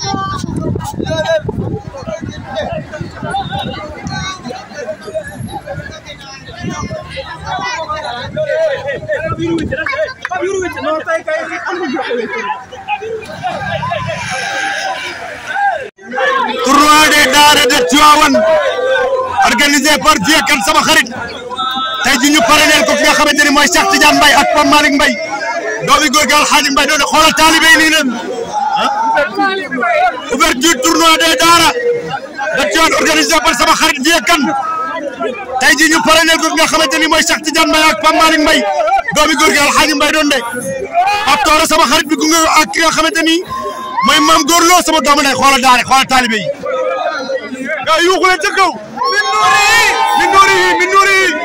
tournoi des daara de Tivaouane organisé par Dieu kan sama xarit tey ji ñu pare leen ko fi nga xamante ni mooy Cheikh Tidiane Mbaye ak Pape Malick Mbaye doomi góor gi Alxaaji Mbaye doon xoolal taalibe yi nii leen ouverture tournoi des daara da Tivaouane par sama xarit Vieux Kane tey jii ñu parrainé ko nga xamante ni mooy Cheikh Tidiane Mbaye ak Pape Malick Mbaye doomi góor gi Alxaaji Mbaye doon de Pape Toora sama xarit bi gunge ak nga xamante ni mooy maam góorloo sama doomu ndey xoolal daara xoolal taalibe yi. gaa yuuxu leen min nuuri min nuuri min nuuri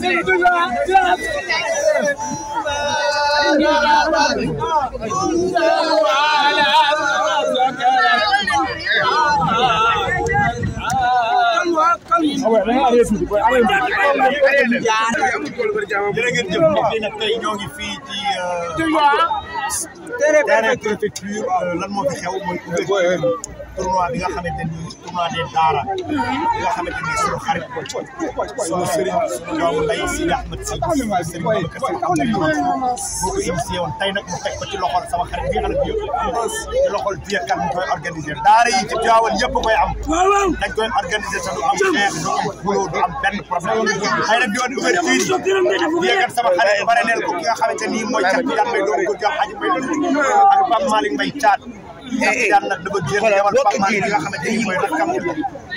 jërëjëf dina tey ñoo ngi fii ci. terrain préfecture lan moo fi xew mooy. tournoi bi nga xamante ni tournoi des daara bi nga xamante ni suñu xarit suñu sëriñ suñu doomu lay si Ahmed si sëriñ Babacar si xam nañ boo ko initié woon tey nag mu teg ko ci loxol sama xarit bi xarit bi ci loxol biyekat mu koy organiser daara yi ci Tivaouane yëpp koy am dañ koy organiser te du am xeex du am buloo du am benn problème xëy na diwaan ouverture biyekat sama xarit bare neel ko ki nga xamante ni mooy cat bi daan may doon ko jox aji may ak Pape Malick Mbaye Thiat eh eh xoolal bokk ji li nga xamante ni mooy rakam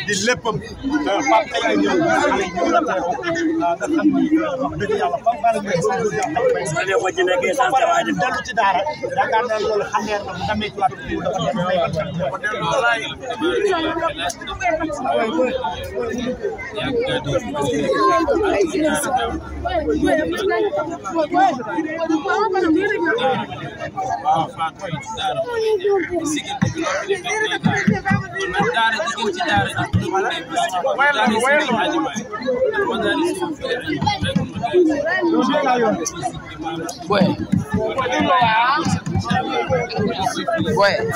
di léppam Pape Elay ñëw nga xam ni wax dëgg yàlla Pape Elay ñëw loolu la ñu wax. ma ne ko ci nekk essence dafa dem dellu ci daara yaakaar naa loolu xam ngeen ne bu demee ci wàllu kii dafa dem ay bàtt. waaw. Bueno. Bueno.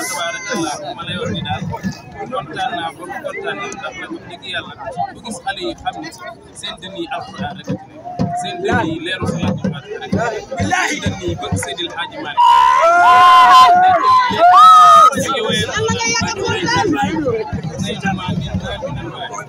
kontaan naa ba mu kontaan ndax nag wax dëgg yàlla bu gis xale yi xam ne seen dënn yi alxuraan rek seen dënn yi leeru salaatu faat rek seen dënn yi bëgg Seydil Hadji Malick ñu ngi wéyal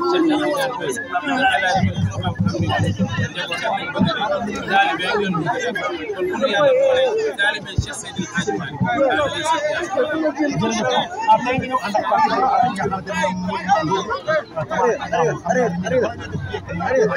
Arriba, arriba, arriba, arriba.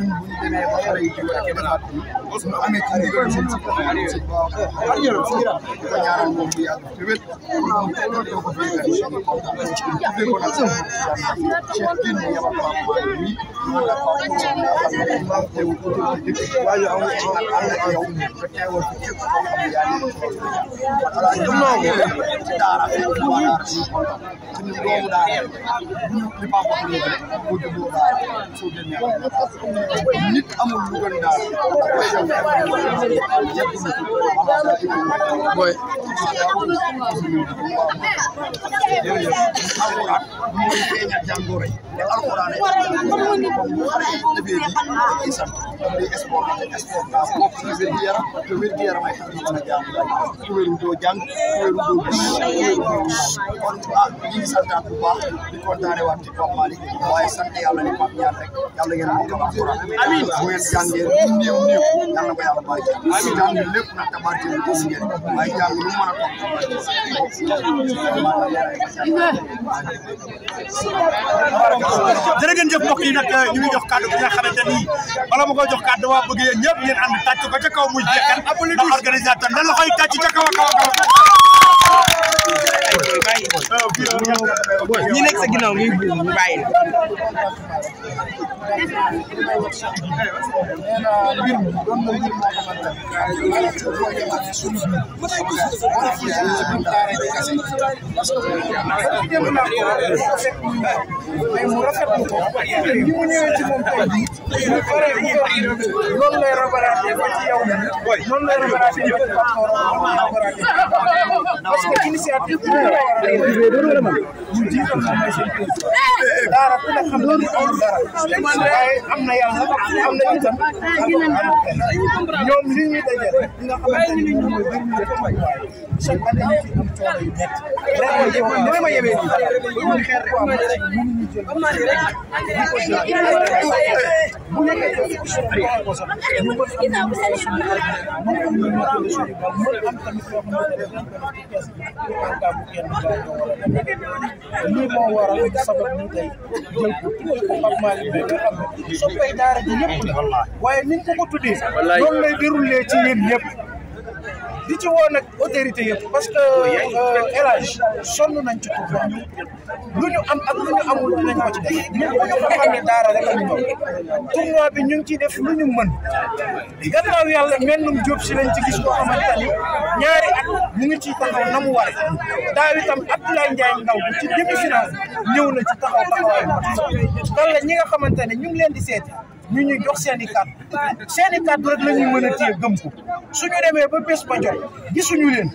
demee ba xale yu jiw ak kenn laaj ko ñu amee ci ndigal seen si waaw yaram si yaram di ko ñaaral moom mu yàgg te wét loolu ko fay def ci ko na ci ci génn yaba ko am ni man la ko ko ma te ko ko ci waaye am am am yow ko teewal ci ko am yaa ni ala dum ci daara ko wala ci doomu daara ñu ko ba ko ko ko daara so nit amul lu doon daal booy jërëjëf alxuraan mooy feeñal jàngoro yi te alxuraan yi sant di sport te sport daa bokk ci wér gi yaram te wér gi yaram ay xam ne mën a jàng ku wéru doo jàng ku wéru doo gis ku wéru doo kon ah ñu ngi santaat bu baax di kontaane waat ci Pape Malick waaye sant yàlla ni Pape ñaan rek yàlla ngeen mokkal alxuraan amiin bu ngeen jàngee lu néew néew yàlla na ko yàlla barke amiin jàng lépp nag tabarke lu gis ngeen waaye jàng lu mën a toog jërë ngeen jëf mbokk yi nag ñu ngi jox kàddu bi nga xamante ni bala ma koy jox kàddu waa bëgg yéen ñëpp ba ànd tàcc ko a kaw muy jekkal ndax organisateur na loxoy tàcc ca kaw a kaw a kaw bàyyi booy bàyyi booy ñi nekk sa ginnaaw muy bu bàyyi parce que initiative daara ku ne xam ne waaye am na yàlla am na itam ñoom li ñuy daje nga xamante ni moom mooy a am solution mën a am a am tamit loo xamante ne lii moo waral sabab ñu tey jël ko tuddee ko Pape Malick Mbaye nga xam ne ni ñu ko ko tuddee loolu lay ci yéen ñëpp di ci woo nag autorité yëpp parce que euh, El Hadj sonn nañ ci Touba lu ñu am ak lu ñu amul nañ ci def ñun bu ñu bi ñu ngi ciy def lu ñu mën gannaaw yàlla mennum Jóob si lañ ci gis koo xamante ni ñaari at mu ngi ci taxaw na mu waree daaw itam Abdoulaye Ndiaye ndaw bi ci demi-finale na ci taxaw taxawaay kan la ñi nga xamante ne ñu ngi leen di seeti ñu ñuy jox seen i kàddu seen i kàddu la ñuy mën a téye gëm ko suñu demee ba bés ba jot suñu leen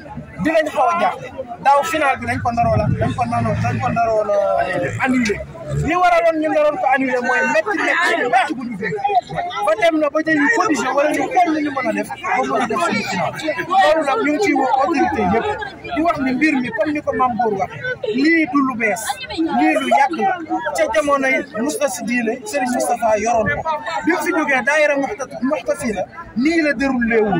dinañ xaw a jaaxle daaw final bi dañ ko naroon la dañ ko naroon dañ ko li war ñu naroon ko annulé mooy métti métti métti bu ñu ba dem na ba jël ñu condition wala ñu xool lu ñu mën a def ba mën a def suñu ginnaaw loolu ngi ciy woo autorité yëpp di wax ni mbir mi comme ni ko Mame Goor wax lii du lu bees lii lu yàgg la ca jamono yi Moustapha si diine Serigne Moustapha bi fi jógee daayira Moxta Moxta si la nii la déroulé wu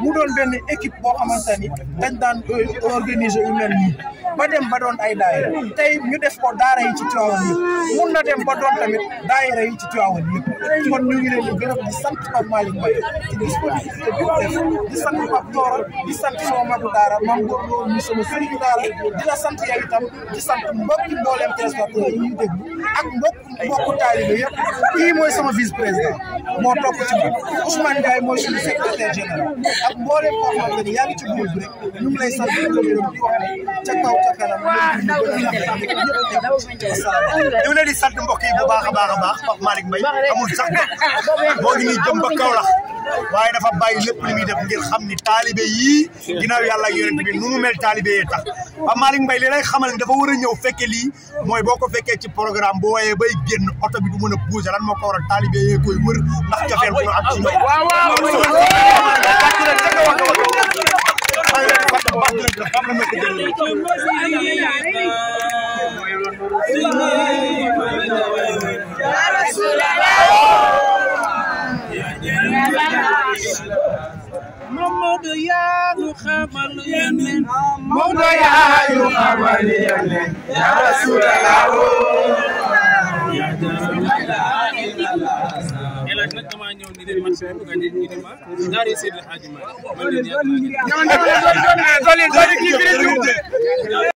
mu doon benn équipe boo xamante ni dañ daan euh, organiser yu mel nii ba dem ba doon ay daayira tey ñu def ko daara yi ci Tivaouane yi mun na dem ba doon tamit daayira yi ci Tiwaawan yëpp kon ñu ngi leen di gërëm di sant Pape Malick Mbaye ci disponibilité bi mu def di sant Pape Dora di sant sama magu daara mam góorloo ñu sama sëriñu daara di la sant yow itam di sant mbokk mbooleem téléspectateurs yi ñuy déglu ak mbokk mbokk taalibe yëpp kii mooy sama vice président moo topp ci moom Ousmane Ndiaye mooy suñu secrétaire général ak mboolem koo xam ne yaa ngi ci groupe bi rek ñu ngi lay sant di ko gërëm di wax ca kaw ca kanam ñu leen di sant mbokk yi bu baax a baax a baax Pape Malick Mbaye amul sax moo ngi nii jëm ba Kaolack waaye dafa bàyyi lépp li muy def ngir xam ni taalibe yii ginnaaw yàlla ak yonent bi nu mu mel taalibe yee tax Pape Malick Mbaye li xamal ni dafa war a ñëw fekke li mooy boo ko fekkee ci programme boo woyee bay génn oto bi du mën a bouger lan moo ko waral taalibe yee koy wër ndax jafeel bu ñu am ci mbay waaw Mawdo yaayu xamali yane ya rasulallah ya rasulallah elaaj nag dama ñëw ni leen man bu gañe ñu ni ma daari Seydi Hadji Malick man leen yàlla